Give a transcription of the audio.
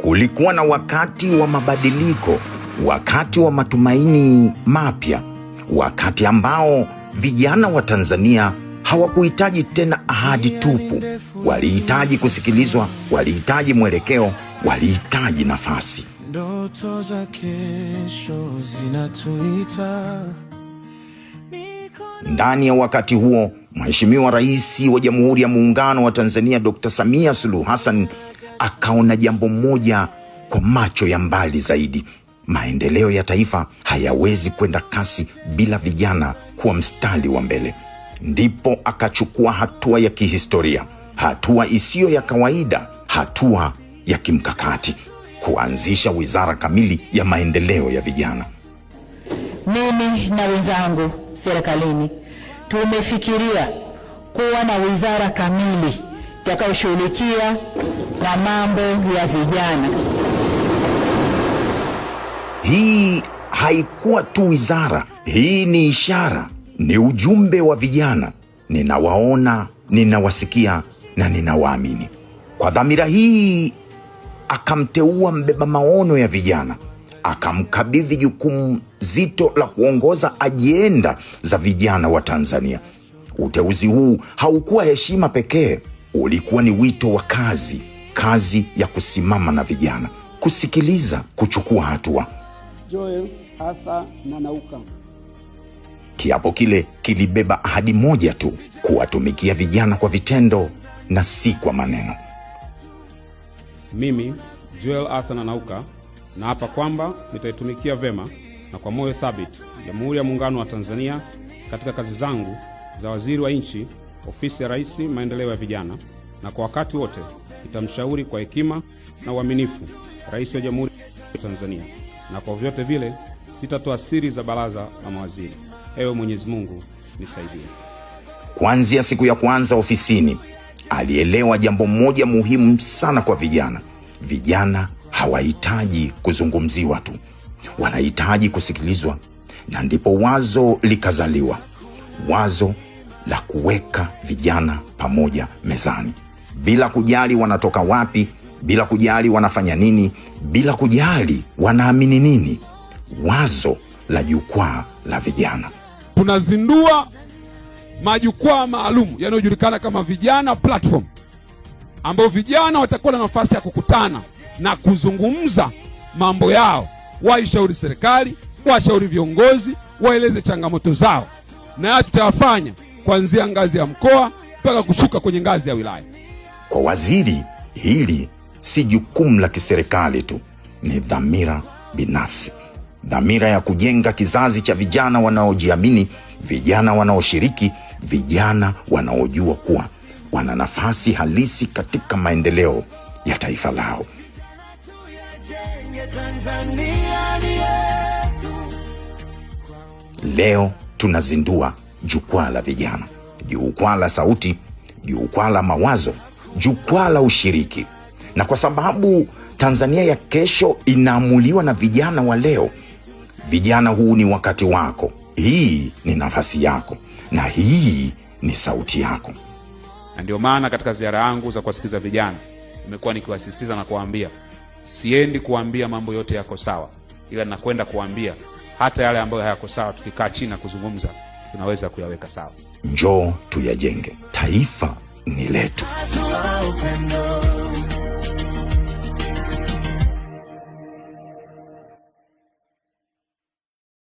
Kulikuwa na wakati wa mabadiliko, wakati wa matumaini mapya, wakati ambao vijana wa Tanzania hawakuhitaji tena ahadi tupu. Walihitaji kusikilizwa, walihitaji mwelekeo, walihitaji nafasi. Ndoto za kesho zinatuita. Ndani ya wakati huo, Mheshimiwa Rais wa Jamhuri ya Muungano wa Tanzania Dr. Samia Suluhu Hassan akaona jambo moja kwa macho ya mbali zaidi: maendeleo ya taifa hayawezi kwenda kasi bila vijana kuwa mstari wa mbele. Ndipo akachukua hatua ya kihistoria, hatua isiyo ya kawaida, hatua ya kimkakati, kuanzisha wizara kamili ya maendeleo ya vijana. Mimi na wenzangu serikalini tumefikiria kuwa na wizara kamili yakayoshughulikia na mambo ya vijana. Hii haikuwa tu wizara, hii ni ishara, ni ujumbe wa vijana. Ninawaona, ninawasikia na ninawaamini. Kwa dhamira hii akamteua mbeba maono ya vijana, akamkabidhi jukumu zito la kuongoza ajenda za vijana wa Tanzania. Uteuzi huu haukuwa heshima pekee, ulikuwa ni wito wa kazi, kazi ya kusimama na vijana, kusikiliza, kuchukua hatua. Joel Nanauka. Kiapo kile kilibeba ahadi moja tu, kuwatumikia vijana kwa vitendo na si kwa maneno. Mimi Joel Arthur Nanauka naapa kwamba nitaitumikia vema na kwa moyo thabiti Jamhuri ya Muungano wa Tanzania katika kazi zangu za waziri wa nchi ofisi ya Rais maendeleo ya vijana, na kwa wakati wote nitamshauri kwa hekima na uaminifu Rais wa Jamhuri ya Tanzania, na kwa vyote vile sitatoa siri za baraza la mawaziri. Ewe Mwenyezi Mungu nisaidie. Kuanzia siku ya kwanza ofisini, alielewa jambo moja muhimu sana kwa vijana. Vijana hawahitaji kuzungumziwa tu, wanahitaji kusikilizwa, na ndipo wazo likazaliwa wazo la kuweka vijana pamoja mezani, bila kujali wanatoka wapi, bila kujali wanafanya nini, bila kujali wanaamini nini. Wazo la jukwaa la vijana, tunazindua majukwaa maalum yanayojulikana kama vijana platform, ambao vijana watakuwa na nafasi ya kukutana na kuzungumza mambo yao, waishauri serikali, washauri viongozi, waeleze changamoto zao, na haya tutayafanya kuanzia ngazi ya mkoa mpaka kushuka kwenye ngazi ya wilaya. Kwa waziri, hili si jukumu la kiserikali tu, ni dhamira binafsi, dhamira ya kujenga kizazi cha vijana wanaojiamini, vijana wanaoshiriki, vijana wanaojua kuwa wana nafasi halisi katika maendeleo ya taifa lao. Leo tunazindua jukwaa la vijana, jukwaa la sauti, jukwaa la mawazo, jukwaa la ushiriki. Na kwa sababu Tanzania ya kesho inaamuliwa na vijana wa leo, vijana, huu ni wakati wako, hii ni nafasi yako, na hii ni sauti yako. Na ndio maana katika ziara yangu za kuwasikiza vijana nimekuwa nikiwasisitiza na kuwaambia, siendi kuambia mambo yote yako sawa, ila nakwenda kuambia hata yale ambayo hayako sawa, tukikaa chini na kuzungumza tunaweza kuyaweka sawa. Njoo tuyajenge, taifa ni letu.